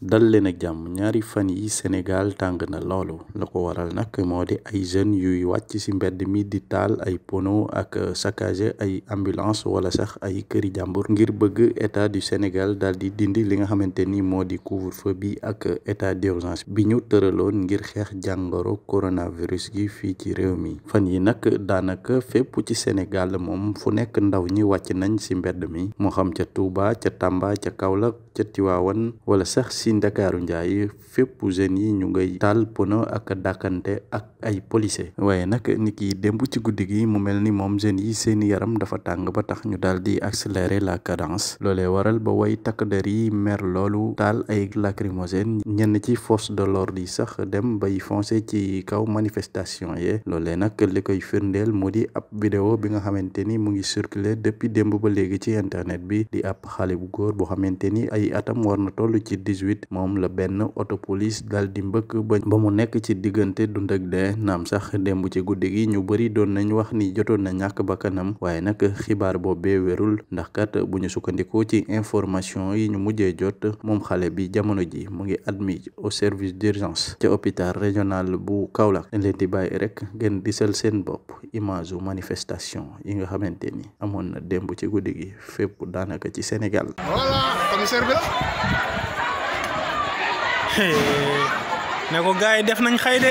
dal leen ak jàmm ñaari fan yi Sénégal tàng na loolu la ko waral nag moo di ay jeunes yuy wàcc ci mbedd mi di taal ay pono ak euh, saccagé ay ambulance wala sax ay këri jàmbur ngir bëgg état du Sénégal daal di dindi li nga xamante ni moo di couvre-feu bi ak euh, état d'urgence bi ñu tëraloon ngir xeex jàngoro coronavirus gi fii ci réew mi fan yi nag daanaka fépp ci Sénégal moom fu nekk ndaw ñi wàcc nañ ci mbedd mi moo xam ca Touba ca Tamba ca Kaolack ca Tivaouane wala si ndakaaru njaay fépp jeunes yi ñu ngay taal pono ak dàkkante ak ay policier waaye nag ni ki démb ci guddi gi mu mel ni moom jeunes yi seen yaram dafa tàng ba tax ñu daal di accélérer la cadence loolee waral ba way takk der yi mer loolu taal ay lacrymogène ñenn ci force de l'ordre yi sax dem bay foncé ci kaw manifestation yee loolee nag li koy firndeel mu di ab vidéo bi nga xamante ni mu ngi circuler depuis demb ba léegi ci internet bi di ab xale bu góor boo xamante ni ay moom la benn auto police dal di mbëkk ba mu nekk ci diggante dund ak dee naam sax démb ci guddi gi ñu bari doon nañu wax ni jotoon na ñàkk bakkanam waaye nag xibaar boobee wérul ndax kat bu ñu sukkandikoo ci information yi ñu mujjee jot moom xale bi jamono ji mu ngi admis au service d'urgence ca hôpital régional bu Kaolack leen di bàyyi rek ngeen disal seen bopp image u manifestation yi nga xamante ni amoon na démb ci guddi gi feppu daanaka ci Sénégal. ne ko gars yi def nañ xay de